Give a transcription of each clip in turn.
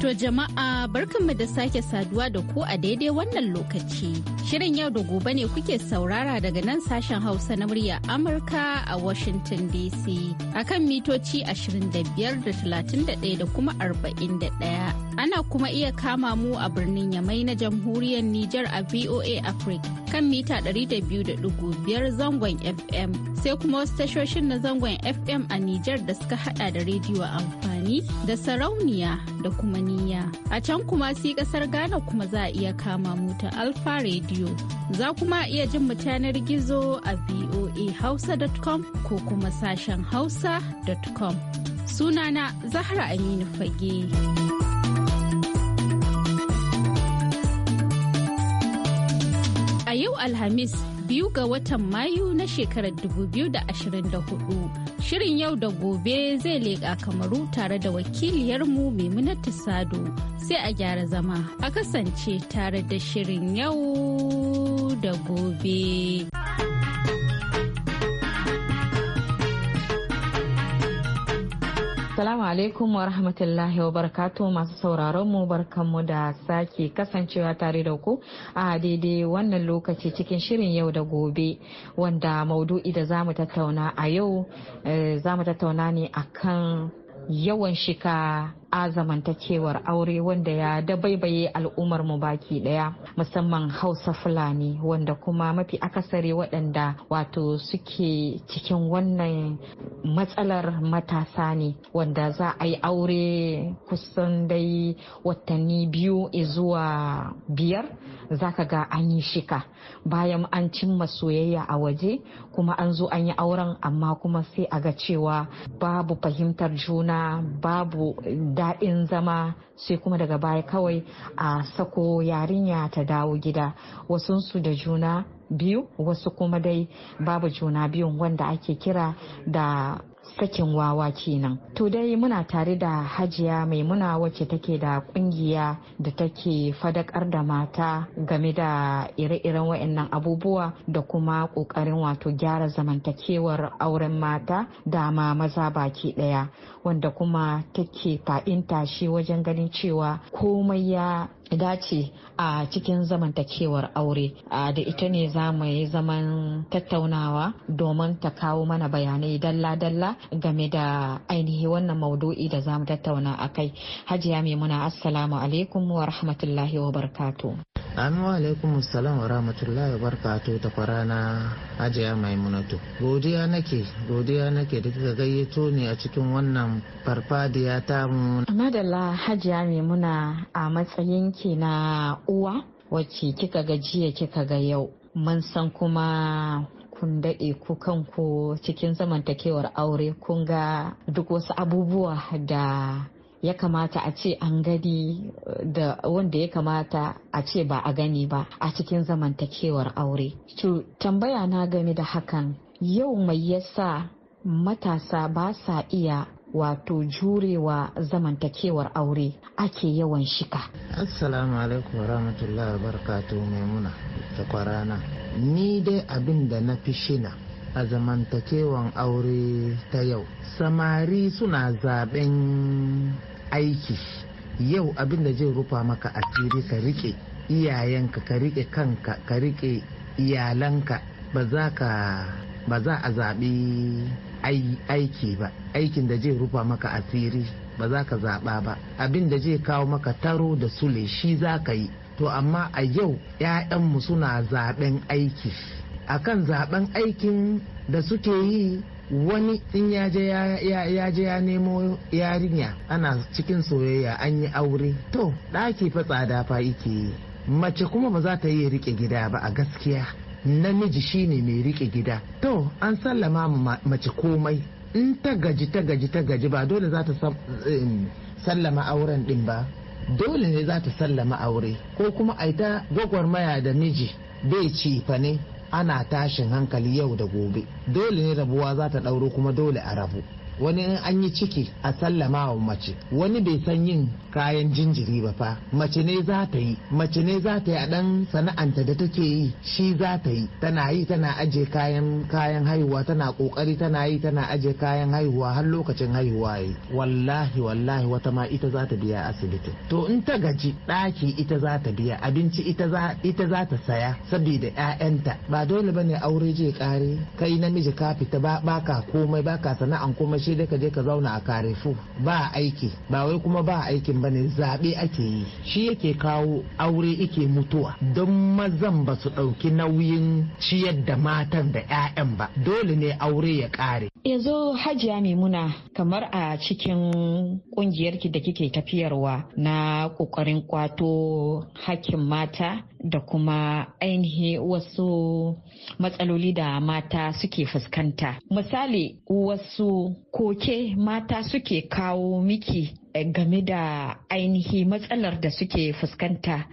To jama'a barkanmu da sake saduwa da ku a daidai wannan lokaci. Shirin yau da gobe ne kuke saurara daga nan sashen Hausa na murya Amurka a Washington DC. Akan mitoci 25 da 31 da kuma 41. Ana kuma iya kama mu a birnin Yamai na jamhuriyar Nijar a VOA Africa kan mita 200.5 zangon FM sai kuma wasu tashoshin na zangon FM a Nijar da suka hada da rediyo amfani da sarauniya da kuma niya A can kuma si kasar Ghana kuma za a iya kama mu ta Alfa rediyo Za kuma iya jin mu gizo a voahausa.com ko kuma sashen hausa.com. Sunana Zahra Aminu Fage. yau Alhamis biyu ga watan Mayu na shekarar 2024. Shirin yau da gobe zai leƙa kamaru tare da wakiliyarmu Maimunatu Sado sai a gyara zama a kasance tare da shirin yau da gobe. Assalamu alaikum wa rahmatullahi wa barakatu masu sauraron mu barkanmu da sake kasancewa tare da ku a daidai wannan lokaci cikin shirin yau da gobe wanda maudu'i da zamu tattauna a yau eh, zamu tattauna ne akan yawan shika a zamantakewar aure wanda ya dabaibaye al'ummar mu baki daya musamman hausa fulani wanda kuma mafi akasari waɗanda wato suke cikin wannan matsalar matasa ne wanda za a yi aure kusan dai watanni biyu zuwa biyar zaka ga an yi shika bayan an cimma soyayya a waje kuma an zo an yi auren amma kuma sai a ga cewa babu fahimtar juna babu daɗin zama sai kuma daga baya kawai a sako yarinya ta dawo gida wasunsu da juna biyu wasu kuma dai babu juna biyun wanda ake kira da sakin wawa kenan to dai muna tare da hajiya maimuna wacce take da kungiya da take fadakar da mata game da ire-iren wayannan abubuwa da kuma kokarin wato gyara zamantakewar auren mata da ma maza baki daya wanda kuma take fa'in shi wajen ganin cewa komai ya dace a cikin zamantakewar aure da ita ne za mu yi zaman tattaunawa domin ta kawo mana bayanai dalla-dalla game da ainihi wannan maudu'i da za mu tattauna a kai hajiya maimuna assalamu alaikum wa rahmatullahi wa barkatu amin wa alaikum assalam wa rahmatullahi wa barkatu ta kwarana hajiya maimunatu godiya nake godiya nake da kika gayyato ne a cikin wannan farfadiya tamu madalla hajiya maimuna a matsayin ki na uwa wacce kika ga jiya kika ga yau mun san kuma kun daɗe ku kanku cikin zamantakewar aure kun ga duk wasu abubuwa da ya kamata a ce an gani da wanda ya kamata a ce ba a gani ba a cikin zamantakewar aure. tambaya na game da hakan yau mai yasa matasa ba sa iya wato jurewa zamantakewar aure ake yawan shika. Assalamu alaikum rahmatullahi barkatu maimuna ta kwarana. Ni dai abin da na fi shina a zamantakewan aure ta yau. Samari suna zaben aiki. Yau abin da zai rufa maka asiri ka rike iyayenka ka rike kanka ka rike iyalanka ba za a zaɓi aiki ba aikin da zai rufa maka asiri ba za ka zaɓa ba abin da zai kawo maka taro da sule shi za ka yi to amma a yau 'ya'yanmu suna zaɓen aiki akan zaɓen aikin da suke yi wani in ya je ya nemo yarinya ana cikin soyayya an yi aure to ɗaki fa tsada fa yi mace kuma ba za ta iya rike gida ba a gaskiya namiji shine mai rike gida to an sallama mace komai in ta gaji ta gaji ta gaji ba dole za ta sallama auren din ba dole ne za ta sallama aure ko kuma a ta gwagwarmaya da miji bai ci ne ana tashin hankali yau da gobe dole ne rabuwa za ta ɗauro kuma dole a rabu wani in an yi ciki a sallama wa mace wani bai san yin kayan jinjiri ba fa mace ne za ta yi mace ne za ta yi a dan sana'anta da take yi shi za ta yi tana yi tana aje kayan kayan haihuwa tana kokari tana yi tana aje kayan haihuwa har lokacin haihuwa yi wallahi wallahi wata ma ita za ta biya asibiti to in ta gaji daki ita za ta biya abinci ita za ita za ta saya saboda ƴaƴanta ba dole bane aure je kare kai namiji ka fita ba ka komai ba ka sana'an komai sai dai ka je ka zauna a karefu ba aiki ba wai kuma ba aikin ba ne zaɓe ake yi shi yake kawo aure yake mutuwa don mazan ba su ɗauki nauyin ciyar da matan da 'ya'yan ba dole ne aure ya ƙare. yanzu hajiya maimuna kamar a cikin ƙungiyarki da kike tafiyarwa na ƙoƙarin kwato hakkin mata da kuma ainihi wasu matsaloli da mata suke fuskanta. Misali wasu koke mata suke kawo miki eh, game da ainihi matsalar da suke fuskanta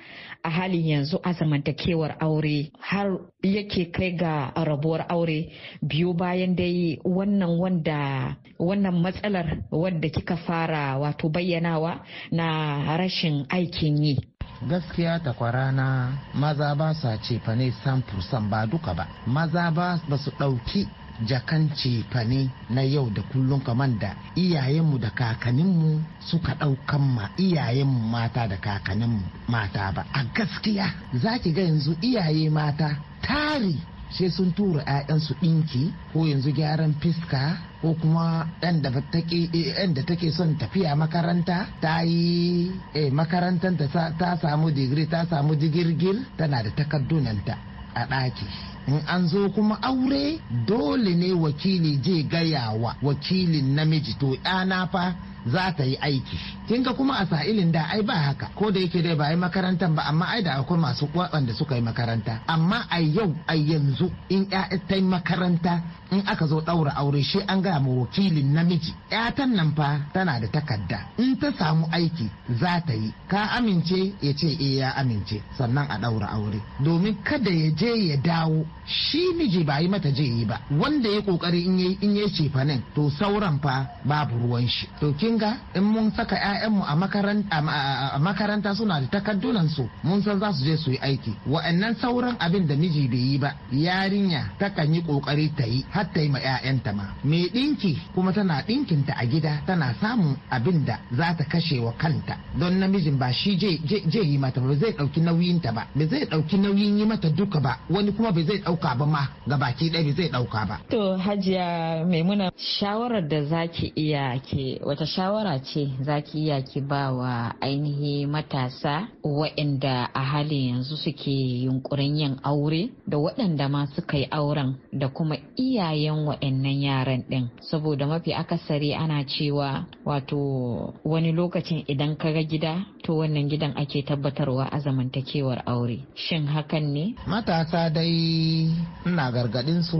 a halin yanzu a zamantakewar aure har yake kai ga rabuwar aure biyu bayan dai wannan wanda wannan matsalar wadda kika fara wato bayyanawa na rashin aikin yi gaskiya ta kwarana maza ba sa cefa ne san ba duka ba maza ba su ɗauki jakan cefane na yau da kullum kamar da iyayenmu da kakaninmu suka ɗaukan ma iyayenmu mata da kakaninmu mata ba a gaskiya za ki ga yanzu iyaye mata tari sai sun tura 'ya'yansu ɗinki ko yanzu gyaran fiska ko kuma ɗan da take son tafiya makaranta ta yi eh, makarantar ta samu digiri ta samu digirgir tana da takardunanta a ɗaki in an zo kuma aure dole ne wakili je gayawa wakilin namiji to 'yana fa za ta yi aiki kin ga kuma a sa'ilin da ai ba haka ko da yake dai ba yi makarantar ba amma ai da akwai masu waɗanda suka yi makaranta amma a yau a yanzu in ya'ya ta yi makaranta in aka zo ɗaura aure shi an ga ma wakilin namiji ƴatan nan fa tana da takarda in ta samu aiki za ta yi ka amince ya ce eh ya amince sannan a ɗaura aure domin kada ya je ya dawo shi miji ba yi mata je yi ba wanda ya kokari in yi in yi to sauran fa babu ruwan shi to kin ga in mun saka 'ya'yanmu a makaranta suna da takardunan mun san za su je su yi aiki wa'annan sauran abin da miji bai yi ba yarinya takan yi kokari ta yi har ta yi ma 'ya'yanta ma mai dinki kuma tana dinkinta a gida tana samun abin da za ta kashe wa kanta don namijin ba shi je yi mata ba zai dauki nauyin ta ba ba zai dauki nauyin yi mata duka ba wani kuma ba zai dauka ba ma ga baki ɗaya ba zai dauka ba to hajiya maimuna shawarar da zaki iya ke wata shawara ce za ki iya ki ba wa ainihi matasa waɗanda a halin yanzu suke yunkurin yin aure da waɗanda ma suka yi auren da kuma iyayen waɗannan yaran ɗin saboda mafi akasari ana cewa wato wani lokacin idan ka ga gida to wannan gidan ake tabbatarwa a zamantakewar aure shin hakan ne matasa dai ina gargaɗin su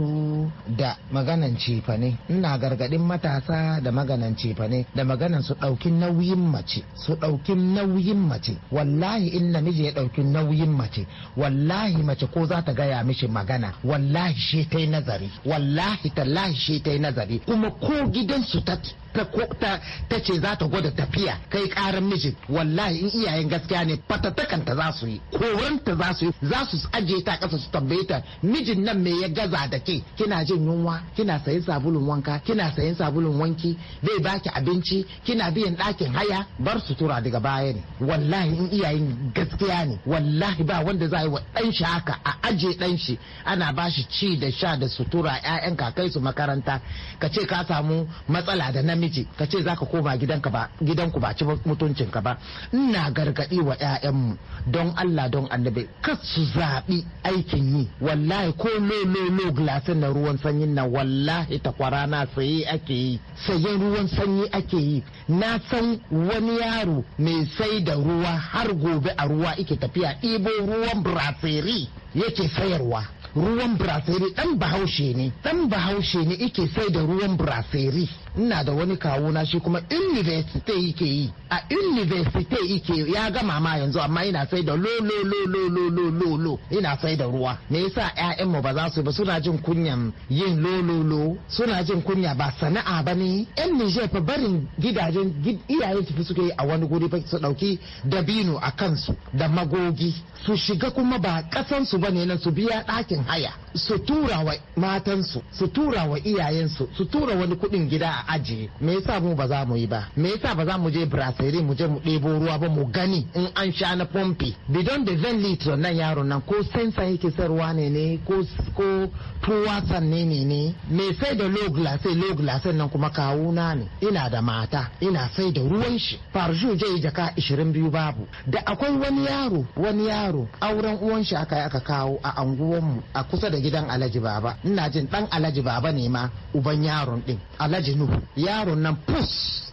da maganan cefa ne ina gargaɗin matasa da maganan cefa da maganan su ɗauki nauyin mace su ɗauki nauyin mace wallahi in namiji ya ɗauki nauyin mace wallahi mace ko za ta gaya mishi magana wallahi shi ta yi nazari wallahi tallahi shi ta yi nazari kuma ko gidansu ta ta ta ce za ta gwada tafiya kai karan mijin wallahi in iyayen gaskiya ne ta za su yi koranta za su yi za su aje ta kasa su tambaye ta mijin nan me ya gaza da ke kina jin yunwa kina sayin sabulun wanka kina sayin sabulun wanki bai baki abinci kina biyan ɗakin haya bar sutura daga baya ne wallahi in iyayen gaskiya ne wallahi ba wanda za yi wa ɗan shi haka a aje ɗan shi ana ba shi ci da sha da sutura 'ya'yan kakai su makaranta ka ce ka samu matsala da nan namiji ka ce zaka koma gidanka ba gidanku ba ci mutuncinka ba ina gargadi wa ƴaƴanmu don Allah don annabi kas su zaɓi aikin yi wallahi ko me glasin na ruwan sanyi na wallahi takwara na saye ake yi sayen ruwan sanyi ake yi na san wani yaro mai sai da ruwa har gobe a ruwa ike tafiya ɗibo ruwan brasiri yake sayarwa ruwan brasiri dan bahaushe ne dan bahaushe ne yake sai da ruwan brasiri ina da wani na shi kuma university yake yi a university yake ya gama ma yanzu amma ina sai da lo lo lo lo lo lo lo lo ina sai da ruwa me yasa ƴaƴan mu ba za su ba suna jin kunyan yin lo lo lo suna jin kunya ba sana'a ba ne ƴan Niger fa barin gidajen iyayen su suke yi a wani guri fa su dauki dabino a kansu da magogi su shiga kuma ba kasan su bane nan su biya ɗakin a y a su tura wa matansu su tura wa iyayensu su tura wani kuɗin gida a ajiye me yasa mu ba za mu yi ba me yasa ba za mu je brasserie mu je mu debo ruwa ba mu gani in an sha na pompi bidon da zan litro nan yaron nan ko sensa yake sayarwa ne ne ko ko tuwa sanne ne ne me sai da low glace low glace nan kuma kawuna ne ina da mata ina sai da ruwan shi farju je jaka 22 babu da akwai wani yaro wani yaro auren uwan shi aka aka kawo a mu a kusa da da gidan alhaji baba ina jin dan alaji baba ne ma uban yaron din alaji nuhu yaron nan pus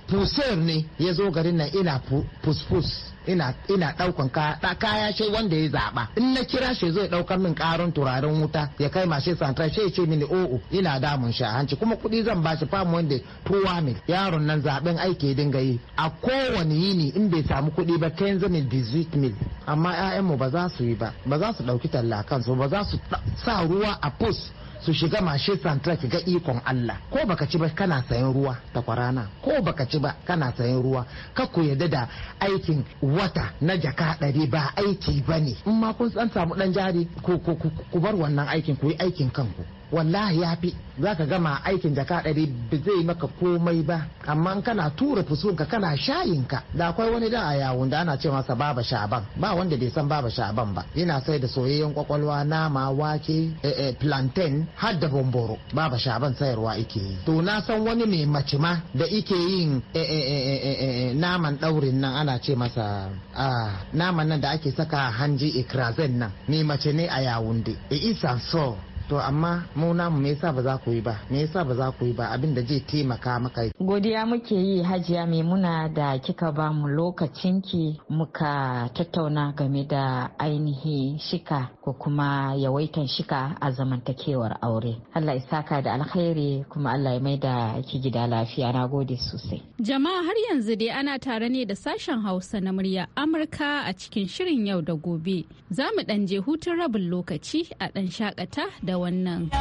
pusir ne ya zo garin nan ina puspus ina ina daukan kaya kaya shi wanda ya zaba in na kira shi zai daukar min karon turaren wuta ya kai mashi santra shi ce mini o'o oh, oh, ina damun shi sha hanci kuma kuɗi zan ba shi famu wanda tuwa mil yaron nan zaben aiki dinga yi a kowane yini in bai samu kuɗi ba ta yanzu mil 18 mil amma mu ba za su yi ba ba za su ɗauki talla kansu ba za su sa ruwa a post su shiga mashin santra ki ga ikon Allah ko baka ci ba kana sayan ruwa ta kwarana ko baka ci ba kana sayan ruwa ka ku yadda da aikin wata na jaka ɗari ba aiki bane in ma kun san samu dan jari ku bar wannan aikin ku yi aikin kanku wallahi ya fi za ka gama aikin jaka ɗari ba zai maka komai ba amma kana tura ka kana shayinka da akwai wani da a yawon da ana ce masa baba Shaban ba wanda bai san baba Shaban ba yana sai da soyayyen kwakwalwa nama wake eh, eh, plantain har da bomboro baba Shaban sayarwa ike yi to na san wani mai mace ma da ike yin eh, naman ɗaurin nan ana ce masa ah, naman nan da ake saka hanji ikrazen nan mai mace ne a yawon da isa so to amma mu namu me yasa ba za ku yi ba me yasa ba za ku yi ba abin da zai taimaka maka godiya muke yi hajiya maimuna da kika ba mu lokacin ki muka tattauna game da ainihi shika ko kuma yawaitan shika a zamantakewar aure Allah ya saka da alkhairi kuma Allah ya mai da ki gida lafiya na gode sosai jama'a har yanzu dai ana tare ne da sashen Hausa na murya Amurka a cikin shirin yau da gobe za mu dan je hutun rabin lokaci a dan shakata da da wannan.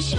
Shin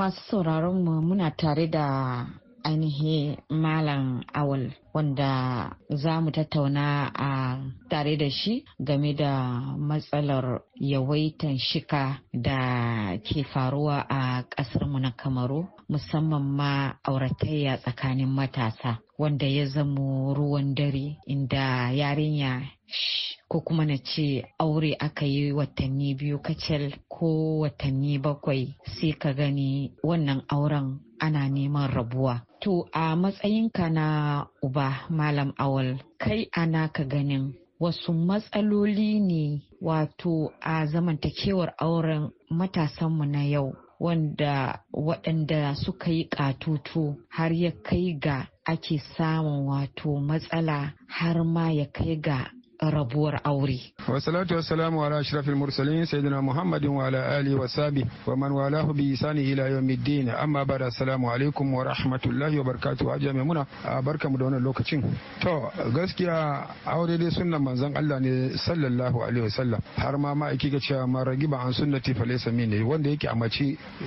masu sauraron mu muna tare da ainihin malam awal wanda za mu tattauna a tare da shi game da matsalar yawaitan shika da ke faruwa a ƙasarmu na kamaru musamman ma auratayya tsakanin matasa wanda ya zamo ruwan dare inda yarinya ko kuma na ce aure aka yi watanni biyu kacal ko watanni bakwai sai ka gani wannan auren ana neman rabuwa. To a matsayinka na uba malam awal kai ana ka ganin wasu matsaloli ne wato a zamantakewar auren matasanmu na yau wanda waɗanda suka yi ƙatutu har ya kai ga ake samun wato matsala har ma ya kai ga rabuwar aure. Wasalatu wasalamu ala ashrafil mursalin sayyidina Muhammadin wa ala alihi wa sabi wa man walahu bi isani ila yawmiddin amma bada assalamu alaikum wa rahmatullahi wa barakatuh maimuna barkamu da wannan lokacin. To gaskiya aure dai sunnan manzon Allah ne sallallahu alaihi wasallam har ma ma cewa man ragiba an sunnati fa laysa minni wanda yake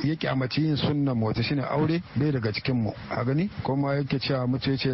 yake yin sunnan wata shine aure bai daga cikin mu a gani kuma yake cewa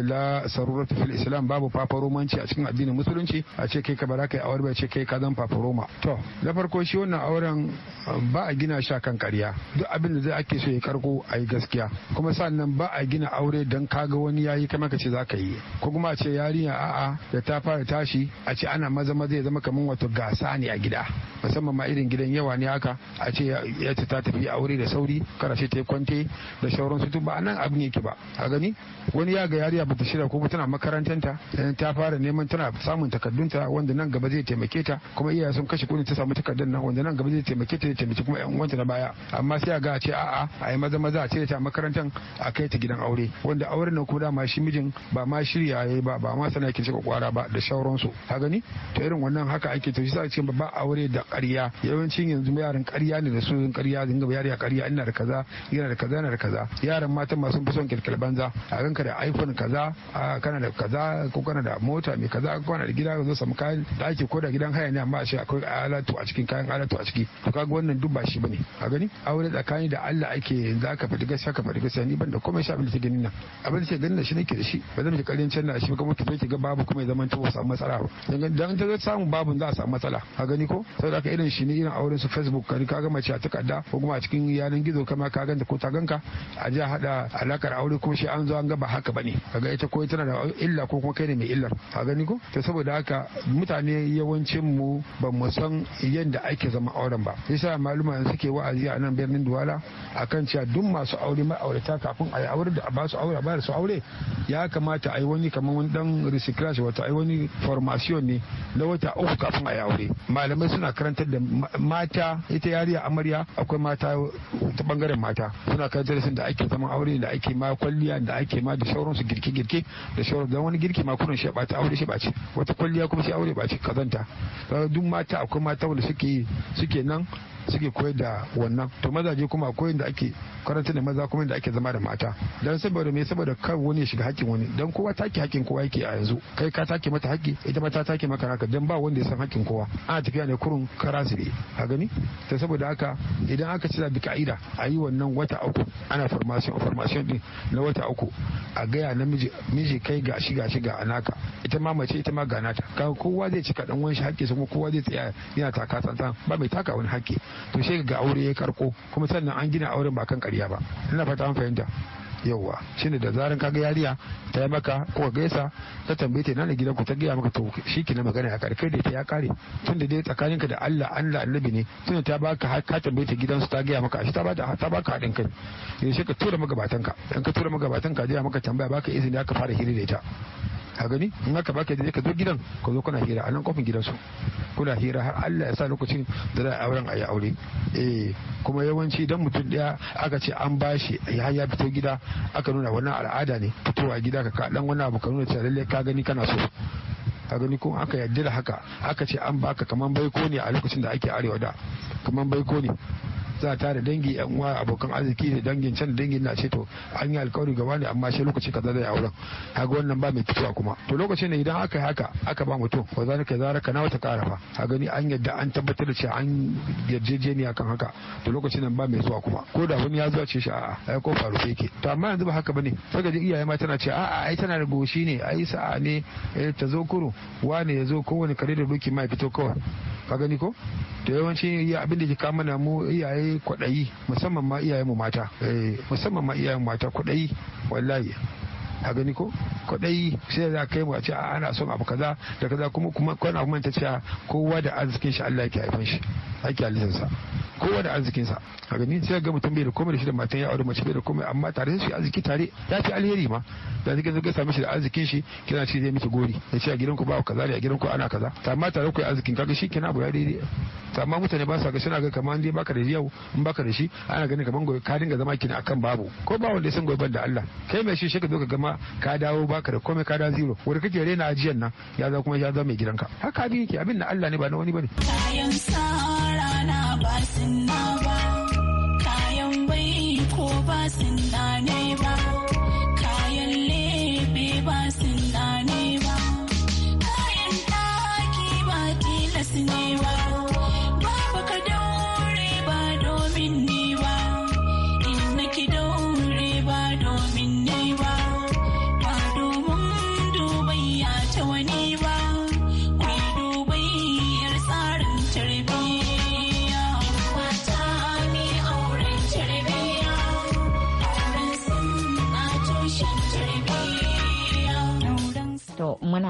la fil islam babu fafaromanci a cikin addinin musulunci a ce kai ka bara kai ka ba ce kai ka zan faforoma to na farko shi wannan auren um, ba a gina shi kan karya duk abin da zai ake so ya karko a yi gaskiya kuma sannan ba a gina aure don kaga wani yayi kai maka ce za ka yi ko kuma a ce yarinya a'a da ta fara tashi a ce ana maza maza ya zama kamar wato gasa ne a gida musamman ma irin gidan yawa ne haka a ce ya ta tafi aure da sauri kara ta yi kwante da sauransu tun ba nan abin yake ba a gani wani ya ga yariya ba ta shirya ko tana makarantanta ta fara neman tana samun takardunta ta wanda nan gaba zai taimake ta kuma iyaye sun kashe kuɗi ta samu takardar nan wanda nan gaba zai taimake ta ya taimaki kuma yan uwanta na baya amma sai a ga a ce a'a a yi maza maza a ce ta makarantar a kai ta gidan aure wanda auren nan kuma dama shi mijin ba ma shirya ya yi ba ba ma sana yake cika kwara ba da shauransu ka gani to irin wannan haka ake to shi sa ce ba aure da ƙarya yawancin yanzu yaran ƙarya ne da yin ƙarya dinga yari a ƙarya ina da kaza yana da kaza yana da kaza yaran matan ma sun fi son kirkir banza a ganka da iphone kaza kana da kaza ko kana da mota mai kaza ko kana da gida ka zo samu kayan ɗaki ko da gidan haya ne amma a ce akwai alatu a cikin kayan alatu a ciki to kaga wannan duk ba shi bane a gani aure tsakani da Allah ake yanzu aka fita gaskiya ka fadi gaskiya ni ban da komai sha abin da ganin nan abin da ganin shi nake da shi ba zan ji karin can na shi kuma ki ki ga babu kuma ya zama ta samu matsala ba dan ta samu babu za a samu matsala a gani ko saboda ka irin shi ne irin auren su Facebook kan kaga mace a takarda ko kuma a cikin yanan gizo kama ka ganta ko ta ganka a ji hada alakar aure kuma shi an zo an ga ba haka bane kaga ita ko tana da illa ko kuma kai ne mai illar a gani ko to saboda haka mutane yawancin mu ba mu san yadda ake zama auren ba yasa maluma yanzu suke wa'azi a nan birnin duwala akan cewa duk masu aure ma'aurata kafin a yi aure da ba su aure a ba su aure ya kamata a yi wani kamar wani dan recyclage wata a yi wani formation ne na wata uku kafin a yi aure malamai suna karantar da mata ita yariya amarya akwai mata ta bangaren mata suna karantar da da ake zaman aure da ake ma kwalliya da ake ma da sauransu girke-girke da sauran don wani girki ma kunan shi ba ta aure shi ba ce wata kwalliya kuma kuma aure ba cikin kazanta duk mata akwai mata wanda suke suke nan suke koyar da wannan to mazaje kuma akwai da ake karanta da maza kuma da ake zama da mata dan saboda me saboda kar wani ya shiga hakkin wani dan kowa take hakkin kowa yake a yanzu kai ka take mata hakki ita ma ta take maka haka dan ba wanda ya san hakkin kowa ana tafiya ne kurun karasibe a gani ta saboda haka idan aka ci bi ka'ida a yi wannan wata uku ana formation formation din na wata uku a gaya na miji kai ga shi ga shi ga anaka ita ma mace ita ma ga nata kowa zai cika dan wani shi hakki kuma kowa zai tsaya yana taka tsantsan ba mai taka wani hakki to sai ga aure ya karko kuma sannan an gina auren ba kan ƙarya ba ina fata an fahimta yauwa shine da zaran kaga yariya ta yi maka ko gaisa ta tambaye ta nana gidanku ta gaya maka to shi na magana ya kare kai da ta ya kare da dai tsakaninka da Allah Allah annabi ne da ta baka ka tambaye ta gidansu ta gaya maka shi ta bada ta baka hadin kai yaushe ka tura magabatanka in ka tura magabatanka ka gaya maka tambaya baka izini aka fara hira da ita a gani in aka baka da ka zo gidan ka zo kana hira a nan kofin gidansu kuna hira har Allah ya sa lokacin da za a auren a yi aure eh kuma yawanci idan mutum daya aka ce an bashi ya ya fito gida aka nuna wannan al'ada ne fitowa gida ka dan wani abu ka nuna cewa lalle ka gani kana so a gani ko aka yarda da haka aka ce an baka kaman baiko ne a lokacin da ake arewa da kaman baiko ne za ta da dangi yan uwa abokan arziki da dangin can da dangin na ce to an yi alkawari gaba ne amma shi lokaci kaza zai auren kaga wannan ba mai fitowa kuma to lokacin ne idan aka yi haka aka ba mutum ba za ka zara ka wata fa a gani an yadda an tabbatar da cewa an yarjejeniya kan haka to lokacin nan ba mai zuwa kuma ko da wani ya zuwa ce shi a'a ai ko faru yake to amma yanzu ba haka bane sai ga iyaye ma tana ce a'a ai tana da goshi ne ai sa'a ne eh, ta zo kuro wane ya zo kowane kare da doki ma ya fito kawai ka gani ko to yawanci abin da ke kama na mu iyaye kwaɗayi musamman ma iyayen mu mata eh, musamman ma iyayen mata kwaɗayi wallahi a gani ko kwadai sai za kai mu a ce ana son abu kaza da kaza kuma kuma kana kuma ta cewa kowa da arzikin shi Allah yake haifan shi ake halittar sa kowa da arzikin sa a gani sai ga mutum bai da komai da shi da matan ya aure mace bai da komai amma tare sai arziki tare ya fi alheri ma da zai ga same shi da arzikin shi kina ci zai miki gori ya ce a gidan ku ba kaza ne a gidan ku ana kaza ta amma tare ku arzikin kaga shi kina abu ya daidai amma mutane ba sa ga suna ga kamar dai baka da yau in baka da shi ana ganin kamar ka dinga zama kina akan babu ko ba wanda ya san gobe da Allah kai mai shi shi ka zo ka ga kuma ka dawo baka da komai ka da zero wanda kake rena ajiyan nan ya zama kuma ya zama mai gidanka haka abin yake abin na Allah ne ba na wani bane kayan sa rana ba sun ba kayan bai ko ba sun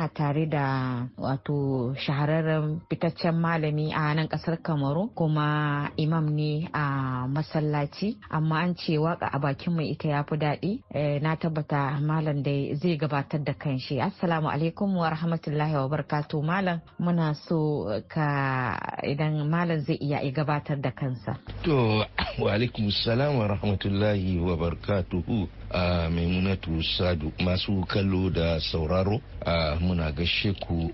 yana tare da wato shahararren fitaccen malami a nan kasar kamaru kuma imam ne a masallaci amma an ce waka a bakin mai ita ya fi daɗi eh, na tabbata malam da zai gabatar da kanshi assalamu alaikum wa rahmatullahi wa barkatu malam muna so ka idan malam zai iya gabatar da kansa to wa alaikum salam wa rahmatullahi wa barkatuhu a maimunatu sadu masu kallo da sauraro a muna gashe ku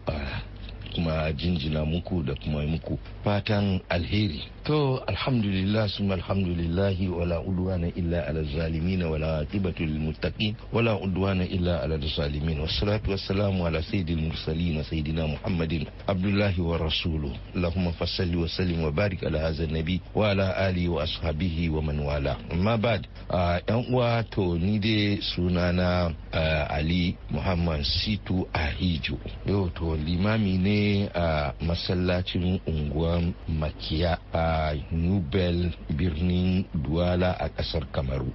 kuma jinjina muku da kuma muku fatan alheri To alhamdulillah sun alhamdulillahi wala udwana illa ala zalimin wala aqibatul muttaqin wala udwana illa ala zalimin wassalatu salamu ala sayyidil mursalin saidina Muhammadin abdullahi wa rasuluhu Allahumma Fassali wa sallim wa barik ala hadha nabi wa ala ali wa ashabihi wa man wala amma ba'd yan uwa to ni de sunana Ali Muhammad Situ Ahijo yau to limami ne a masallacin unguwar Makiya a a nubel birnin duwala a kasar kamaru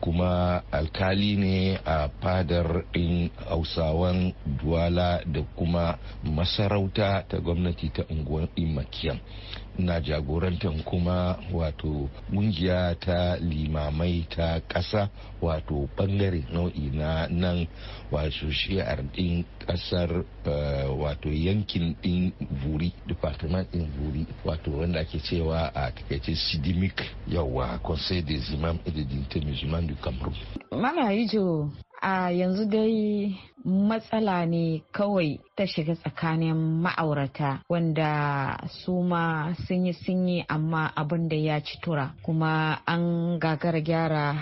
kuma alkali ne a fadar ɗin hausawan duwala da kuma masarauta ta gwamnati ta unguwar makiyan. na jagorantar kuma wato kungiya ta limamai ta ƙasa wato bangare nau'i na nan wato shi'ar ɗin ƙasar eh, wato yankin ɗin buri department ɗin buri wato wanda ake cewa a takaice sidimik yawa conseil des imams et des dignitaires musulmans du cameroun mana yijo a yanzu dai matsala ne kawai ta shiga tsakanin ma'aurata wanda su ma sun yi sun yi amma abin da ya ci tura kuma an gagara gyara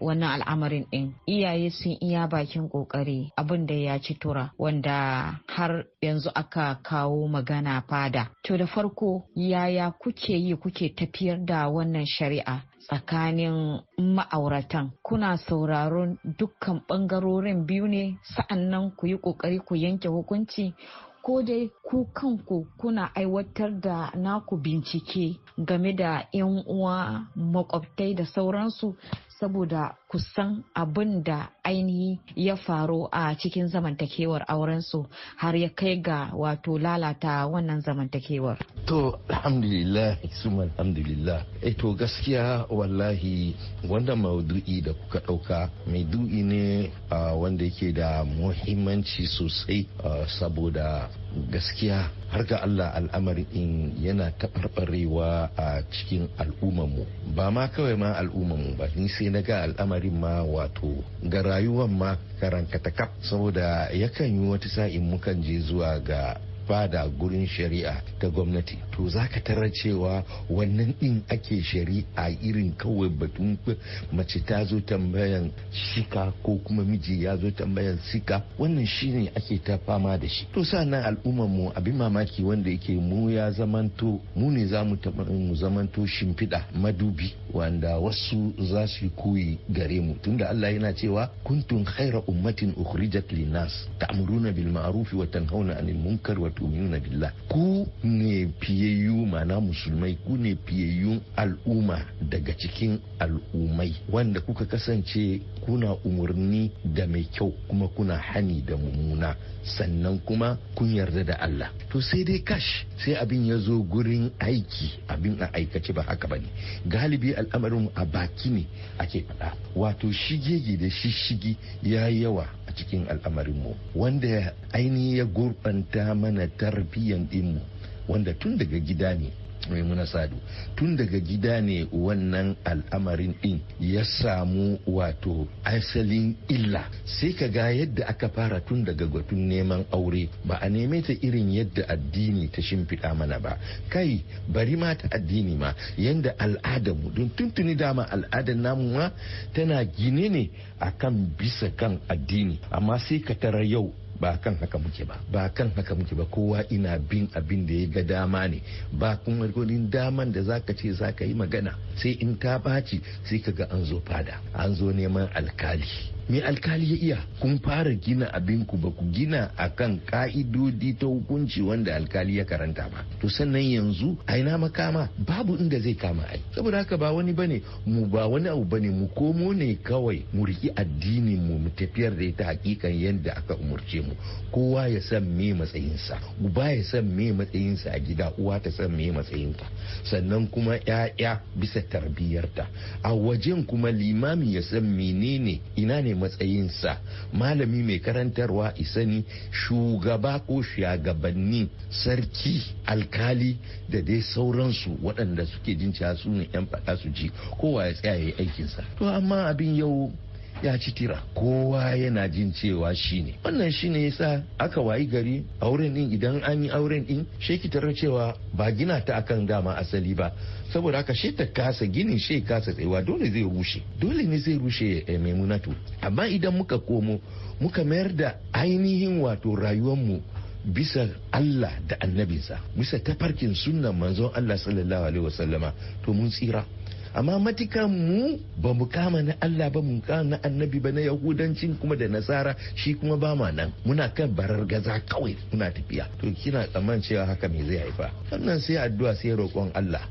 wannan al'amarin ɗin. iyaye sun iya bakin ƙoƙari abin da ya ci tura wanda har yanzu aka kawo magana fada to da farko yaya kuke yi kuke tafiyar da wannan shari'a tsakanin ma'auratan kuna sauraron dukkan bangarorin biyu ne sa'annan ku yi ƙoƙari ku yanke hukunci ko dai ku kanku kuna aiwatar da naku bincike game da 'yan uwa makwabtai da sauransu saboda ku san abin da ainihi ya faru a cikin zamantakewar aurensu har ya kai ga wato lalata wannan zamantakewar. To alhamdulillah suma alhamdulillah. Eto eh, gaskiya wallahi wanda maudu'i da kuka ɗauka du'i ne wanda yake da muhimmanci sosai saboda gaskiya har ga Allah al'amarin yana taɓarɓarewa a cikin al'ummanmu ba ma kawai ma al'ummanmu ba ni sai na ga al'amarin al'amarin ma wato ga rayuwan ma ta katakaf saboda yakan yi wata sa'in mukan je zuwa ga fada gurin shari'a ta gwamnati to za ka tara cewa wannan din ake shari'a irin kawai batun mace ta zo tambayan shika ko kuma miji ya zo tambayan sika wannan shine ake ta fama da shi to nan al'ummar mu abin mamaki wanda yake mu ya zamanto mu ne za mu zamanto shimfiɗa madubi wanda wasu za su koyi gare mu tunda Allah yana cewa kuntum khaira ummatin ukhrijat linnas ta'muruna bil ma'ruf wa tanhauna 'anil munkar wa tu'minuna billah ku ne fiyayyu mana musulmai ku ne fiyayyun al'umma daga cikin al'ummai wanda kuka kasance kuna umarni da mai kyau kuma kuna hani da mummuna sannan kuma kun yarda da Allah to sai dai kash sai abin ya zo gurin aiki abin a aikace ba haka bane galibi al'amarin a baki ne ake faɗa wato shigege da shishigi ya yawa a cikin al'amarinmu wanda ainihi ya gurɓanta mana tarbiyyan dinmu wanda tun daga gida ne maimuna sadu tun daga gida ne wannan al'amarin din ya samu wato asalin illa sai ka ga yadda aka fara tun daga gwatun neman aure ba a neme ta irin yadda addini ta shimfiɗa mana ba kai bari ma ta addini ma yadda mu don tuntuni dama al'adar namu ma tana gine ne akan bisa kan addini amma sai ka tara yau ba kan haka muke ba ba kan haka muke ba kowa ina bin abin da ya ga dama ne ba kuma gurin daman da zaka ce zaka yi magana sai in ta baci sai ka ga an zo fada an zo neman alkali me alkali ya iya kun fara gina abin ku ba ku gina akan ka'idodi ta hukunci wanda alkali ya karanta ba to sannan yanzu aina makama babu inda zai kama ai saboda haka ba wani bane mu ba wani abu bane mu komo ne kawai mu riki addini mu mu tafiyar da ita hakikan yadda aka umurce mu kowa ya san me matsayinsa uba ya san me matsayinsa a gida uwa ta san me matsayinta sannan kuma ya'ya bisa tarbiyarta a wajen kuma limami ya san menene ina ne matsayinsa malami mai karantarwa isani shugaba ko shugabanni sarki alkali da dai sauransu waɗanda suke jin cewa su ne 'yan faɗa su ji kowa ya tsaya ya aikinsa to amma abin yau ya ci tira kowa yana jin cewa shi ne wannan shi ne yasa aka wayi gari auren din idan an yi auren din sheki tarar cewa ba gina ta akan dama asali ba saboda haka shi ta kasa ginin shi kasa tsayuwa dole zai rushe dole ne zai rushe ya eh, maimunatu amma idan muka komo muka mayar da ainihin wato rayuwar mu bisa Allah da annabinsa bisa tafarkin sunnan manzon Allah sallallahu alaihi wasallama to mun tsira amma matukan mu ba mu kama na Allah ba mu kama na annabi ba na yahudancin kuma da nasara shi kuma ba ma nan muna kan barar gaza kawai muna tafiya to kina tsaman cewa haka me zai haifa sannan sai addu'a sai roƙon Allah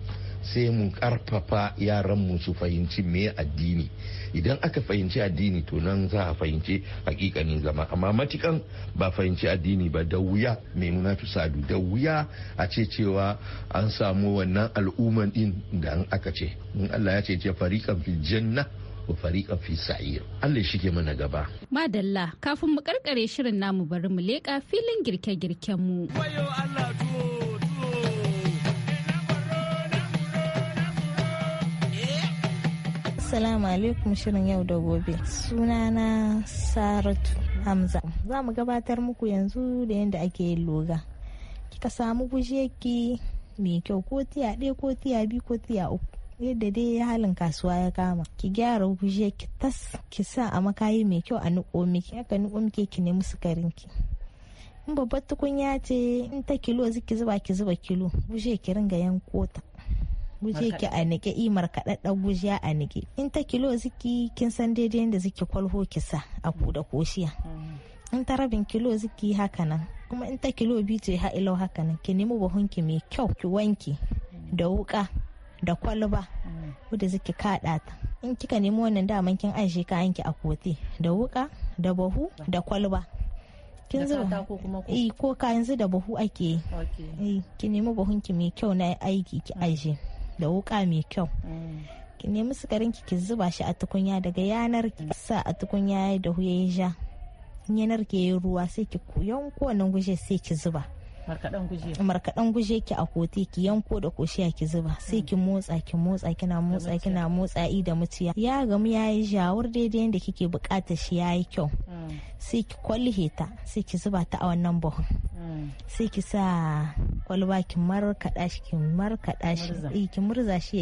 sai mu karfafa yaran mu su fahimci me addini idan aka fahimci addini to nan za a fahimci hakikanin zama amma matukan ba fahimci addini ba da wuya mai munafi sadu da wuya a ce cewa an samu wannan al'umman din da an aka ce in Allah ya ce ce fariqan fil janna wa fariqan fi sa'ir Allah shi ke mana gaba madalla kafin mu karkare shirin namu bari mu leka filin girke-girken mu wayo Allah Assalamu alaikum shirin yau da gobe. Sunana Saratu Hamza. Za mu gabatar muku yanzu da yadda ake yin loga. Kika samu gujiyarki mai kyau ko tiya ɗaya ko tiya biyu ko tiya uku. Yadda dai halin kasuwa ya kama. Ki gyara gujiyarki tas ki sa a makayi mai kyau a niƙo miki. haka niƙo miki ki nemi sukarinki. In babbar tukunya ce in ta kilo ziki zuba ki zuba kilo. Gujiyar ki ringa yanko ta. guje ki a nike imar kaɗaɗɗen gujiya a nike in ta kilo ziki kin san daidai yadda ziki kwalho kisa a kuda koshiya mm. in ta rabin kilo ziki haka nan kuma in ta kilo biyu ce ha'ilau haka nan ki nemi buhunki mai kyau ki wanki mm. da wuka da kwalba mm. wadda ziki kaɗa ta in kika nemi wannan daman kin ajiye kayanki a kote da wuka da buhu da kwalba kin zuba eh, ko kayan da buhu ake yi eh, ki nemi buhunki mai kyau na aiki ki aje da wuka mai kyau ki nemi sukarin ki zuba shi a tukunya daga yanar ki sa a tukunya da huya ya ja yanar ke yi ruwa sai ki yanko wannan gushe sai ki zuba markaɗan guje ki a kote ki yanko da koshiya ki zuba sai ki motsa ki motsa kina motsa kina motsa i da muciya ya gamu ya yi jawur daidai yadda kike bukata shi ya yi kyau mm. sai ki kwalhe ta sai ki zuba ta a wannan buhun sai ki sa kwalba ki markaɗa shi ki markaɗa shi eh, ki murza shi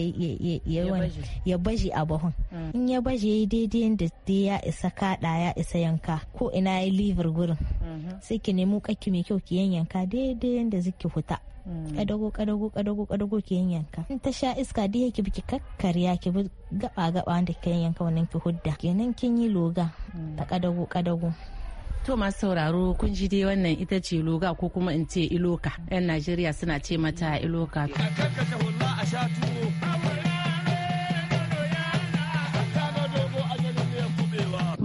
ya baje a bahun mm. in ya baje ya daidai yadda ya isa kaɗa ya isa yanka ko ina ya liver gurin mm-hmm. sai ki nemo kakki mai kyau ki yanka daidai yadda zaki huta kadago mm. kadago kadago kadago ki yanyanka in ta sha iska da yake biki kakkarya ki bi gaba gaba wanda ki yanka wannan ki hudda kenan kin yi loga mm. ta kadago kadago To masu sauraro kun ji dai wannan ita ce loga ko kuma in ce iloka. 'Yan Najeriya suna ce mata iloka.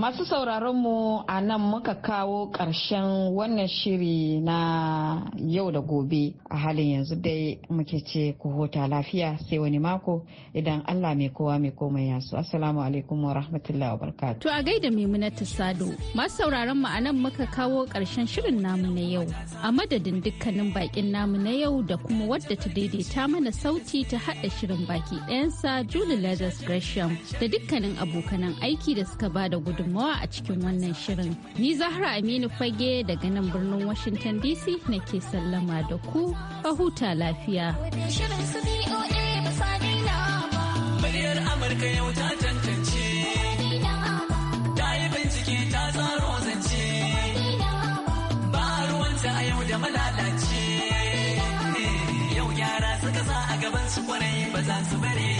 Masu sauraron mu a nan muka kawo ƙarshen wannan shiri na yau da gobe a halin yanzu dai muke ce ku huta lafiya sai wani mako idan Allah mai kowa mai komai ya so. Assalamu alaikum wa rahmatullahi wa barakatuh. To a gaida Maimunatu Sado, masu sauraron mu a nan muka kawo ƙarshen shirin namu na yau. A madadin dukkanin bakin namu na yau da kuma wadda ta daidaita mana sauti ta haɗa shirin baki ɗayansa Julie Leathers Gresham da dukkanin abokanan aiki da suka bada gudunmawa. gudunmawa a cikin wannan shirin. Ni Zahra Aminu Fage daga nan birnin Washington DC nake sallama da ku a huta lafiya. Muryar Amurka yau ta tantance, ta yi bincike ta tsaro zance, ba ruwanta a yau da malalace. Yau gyara suka sa a gaban su kwarai ba za su bare